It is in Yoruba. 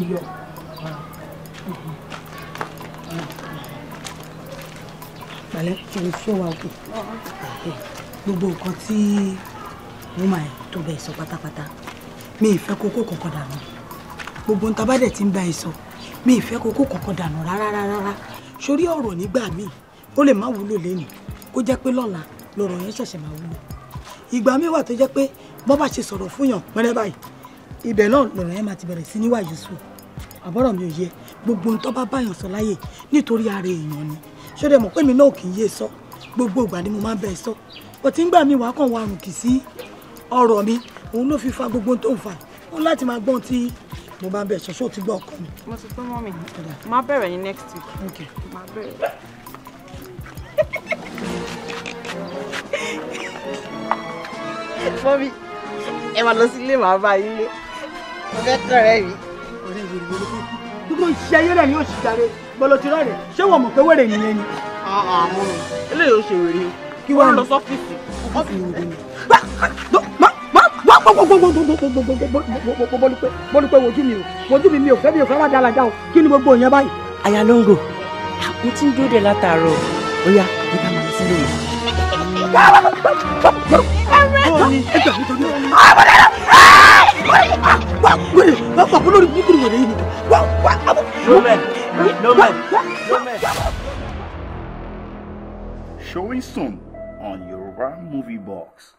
yọ. pẹ̀lẹ́ ìwé tí ó wà òkè gbogbo nǹkan tí mo máa tó bẹ̀ sọ pátápátá mi ì fẹ́ kókó kankan dànù gbogbo nǹkan bá dẹ̀ ti ń bá ẹ sọ mi ì fẹ́ kókó kankan dànù rárá rárá sórí ọ̀rọ̀ nígbà míì ó lè má wúlò lẹ́nu kó jẹ́ pé lọ́la ibẹ̀ náà lọ̀rọ̀ yẹn máa ti bẹ̀rẹ̀ sí níwà yusuf àbọ̀rọ̀ mi ò yẹ gbogbo ohun tó bá báyàn sọ láyè nítorí ara èèyàn ni ṣọdẹ mọ̀ pé mi náà kì í yé sọ gbogbo ìgbà ni mo máa ń bẹ̀ sọ kò tí ń gbà mí wàá kàn wá àrùn kì sí ọ̀rọ̀ mi òun ló fi fa gbogbo ohun tó ń fa òun láti máa gbọ́n tí mo bá ń bẹ̀ ṣọṣọ́ ti gbọ́ ọkọ mi. mo ti pẹ́ mọ́ máa bẹ̀rẹ̀ ní next week. ok máa bẹ̀rẹ̀. mọ́mí ẹ máa màá bá yín lé mo gbogbo iṣẹ́ ayé rẹ̀ ni yóò ṣì jáde bọ́lọ̀ ti ṣé wọ́n mọ̀ pé wèrè nìyẹn ni. àmọ́ eléyìí ó ṣe wèrè kí wọ́n lọ sọ́fíìsì. ọ́fíìsì wèrè ni. bọ́lúpẹ́ wojú mi o wojú mi mi ò fẹ́ mi ò fẹ́ wá dáradá o kí ni gbogbo yẹn báyìí. àyà ló ń ń dúró de látàárọ̀ ó yá nígbà máa sílẹ̀ yìí. Kiri. No man. No man. No man. Showing soon on your Yoruba Movie Box.